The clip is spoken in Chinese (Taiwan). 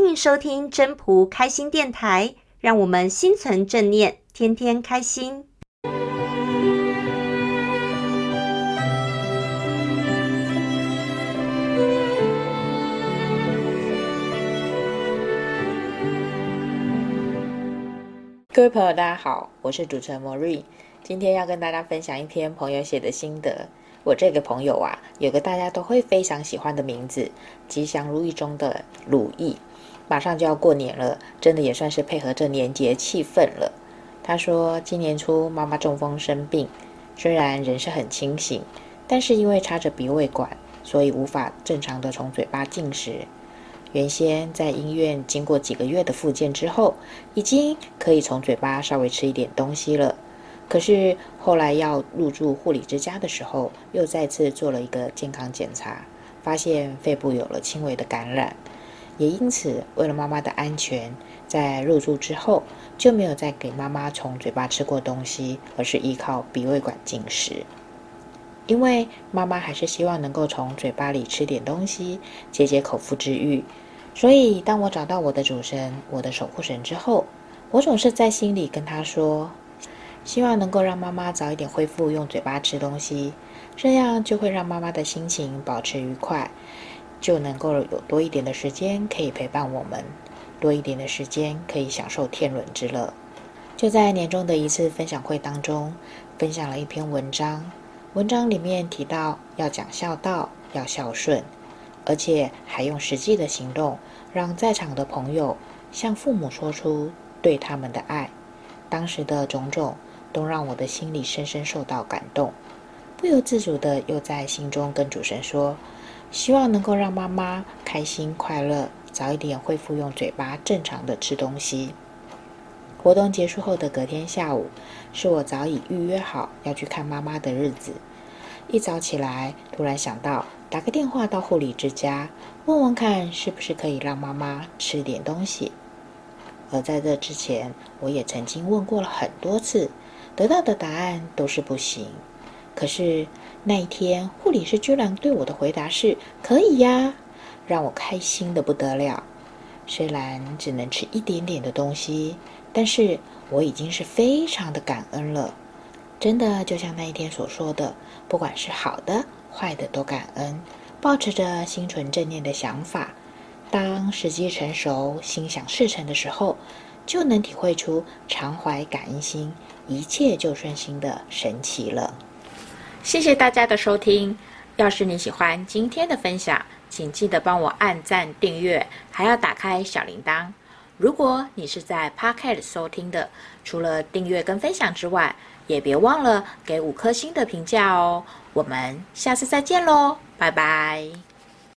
歡迎收聽真樸開心電台，讓我們心存正念，天天開心。各位朋友，大家好，我是主持人 Marie，今天要跟大家分享一篇朋友寫的心得。我這個朋友啊，有個大家都會非常喜歡的名字，吉祥如意中的“如意”。馬上就要過年了，真的也算是配合這年節氣氛了。他說，今年初媽媽中風生病，雖然人是很清醒，但是因為插着鼻胃管，所以無法正常的從嘴巴進食。原先在醫院經過幾個月的復健之後，已經可以從嘴巴稍微吃一點東西了。可是後來要入住護理之家的時候，又再次做了一個健康檢查，發現肺部有了輕微的感染，也因此為了媽媽的安全，在入住之後就沒有再給媽媽從嘴巴吃過東西，而是依靠鼻胃管進食。因為媽媽還是希望能夠從嘴巴裡吃點東西，解解口腹之欲，所以當我找到我的主神，我的守護神之後，我總是在心裡跟他說。希望能夠讓媽媽早一點恢復用嘴巴吃東西，這樣就會讓媽媽的心情保持愉快，就能夠有多一點的時間可以陪伴我們，多一點的時間可以享受天倫之樂。就在年終的一次分享會當中，分享了一篇文章，文章裡面提到要講孝道，要孝順，而且還用實際的行動讓在場的朋友向父母說出對他們的愛。當時的種種。都讓我的心裡深深受到感動，不由自主的又在心中跟主神說，希望能夠讓媽媽開心快樂，早一點恢復用嘴巴正常的吃東西。活動結束後的隔天下午，是我早已預約好要去看媽媽的日子。一早起來，突然想到打個電話到護理之家，問問看是不是可以讓媽媽吃點東西。而在這之前，我也曾經問過了很多次。得到的答案都是不行，可是那一天護理師居然對我的回答是“可以呀”，讓我開心得不得了。雖然只能吃一點點的東西，但是我已經是非常的感恩了。真的，就像那一天所說的，不管是好的壞的，都感恩，保持着心存正念的想法。當時機成熟、心想事成的時候，就能體會出常懷感恩心。一切就順心的神奇了。謝謝大家的收聽。要是你喜歡今天的分享，請記得幫我按讚、訂閱，還要打開小鈴鐺。如果你是在 Podcast 收聽的，除了訂閱跟分享之外，也別忘了給五顆星的評價哦。我們下次再見嘍，拜拜。